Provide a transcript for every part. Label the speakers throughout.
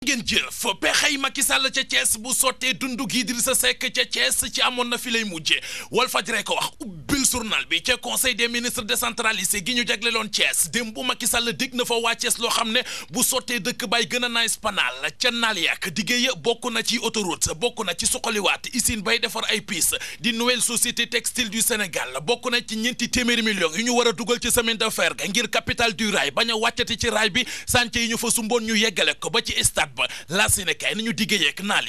Speaker 1: ngeen jëf pexey Macky Sall ca cees bu sottee dundu gi sa Seck ca Thiès ci amoon na fi lay mujje Walf Fadjri ko wax ubbil journal bi ca conseil des ministres décentralisé gi ñu jagleloon Thiès démb bu Macky Sall dig na fa waa Thiès loo xam ne bu sottee dëkk bay gën a nice panaal ca naal yàq diggéey bokk na ci autoroute bokk na ci suqaliwaat usine bay defar ay piis di nouvelle société textile du Sénégal bokk na ci ñeenti téeméeri millions yu ñu war a dugal ci semaine de fer ga ngir capital du rail bañ a wàccati ci rail bi sànce yi ñu fa sumboon ñu yeggale ko ba ci stade ba la Sénégal ni ñu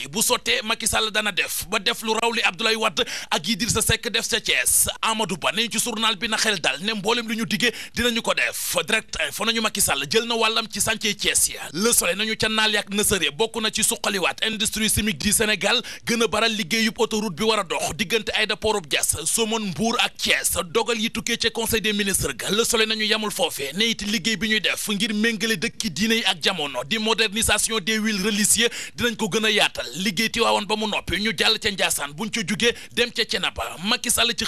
Speaker 1: bu sottee Macky Sall dana def ba def lu raw li Abdoulaye Wade ak Idrissa Seck def ca Thiès Amadou Ba ne ci journal bi na xel dal ne mboolem lu ñu diggee dinañu ko def direct fa nañu Macky Sall jël na wàllam ci sànce Thiès ya Le Soleil nañu ca naal yak nësëre bokk na ci suqaliwaat industrie chimique du Sénégal gën a baral liggéeyub autoroute bi war a dox diggante aéroportub Diass Somone Mbour ak Thiès dogal yi tukkee ca conseil des ministres ga Le Soleil nañu yamul foofee ne it liggéey bi ñuy def ngir méngale dëkki diine yi ak jamono di modernisation des villes religieuses dinañ ko a ba mu noppi ñu jàll ca Ndiassane buñ ca jugee dem ca Thiénaba Macky Sall ci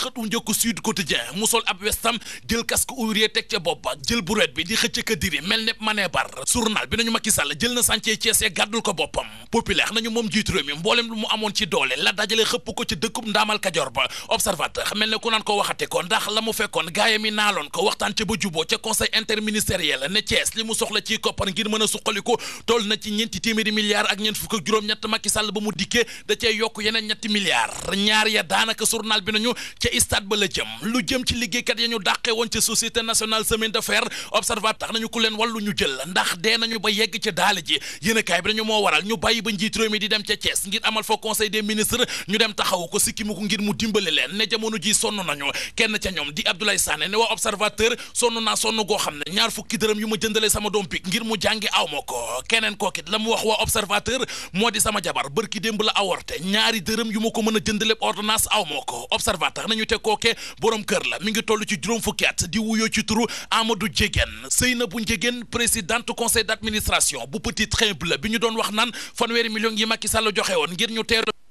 Speaker 1: ko Sud Quotidien mu sol ab westam jël kas ko ouvrier teg ca bopp ba jël bureet bi di xëcc ka diri mel ne mané bar journal bi nañu Macky Sall jël na chantier Thiès gàddul ko boppam populaire nañu moom jiitu réew mi mboolem lu mu amoon ci doole la dajale xëpp ko ci dëkkub ndaamal kajoor ba observateur mel ne ku naan ko waxate ko ndax la mu fekkoon gaayam yi naaloon ko waxtaan ca ba juboo ca conseil interministériel ne Thiès li mu soxla ci koppar ngir mën a toll na ci ñeenti téeméeri milliards ak ñeent fukk juróom-ñett Macky Sall ba mu dikkee da cee yokk yeneen ñetti milliards ñaar ya daanaka journal bi nañu ca stade ba la jëm lu jëm ci liggéeykat ya ñu dàqee ba njiit réew mi di dem ca Thiès ngir amal fa conseil des ministres ñu dem taxaw ko sikkimu ko ngir mu dimbale leen ne jamono ji sonn nañu kenn ca ñoom di Abdoulaye Sané ne waa observateur sonn naa sonn goo xam ne ñaar fukki dërëm yu ma jëndale sama doom pik ngir mu jàngi aw ma ko keneen kookit la mu wax waa observateur moo di sama jabar bërki démb la aworte ñaari dërëm yu ma ko mën a jëndale ordonnance aw ma ko observateur nañu te kooke borom kër la mi ngi toll ci juróom fukki at di wuyoo ci turu Amadou Njégéen Seynabou Njégéen présidente conseil d'administration bu petit train bleu bi doon wax naan fanweeri million yi Macky Sall joxe woon ngir ñu teeru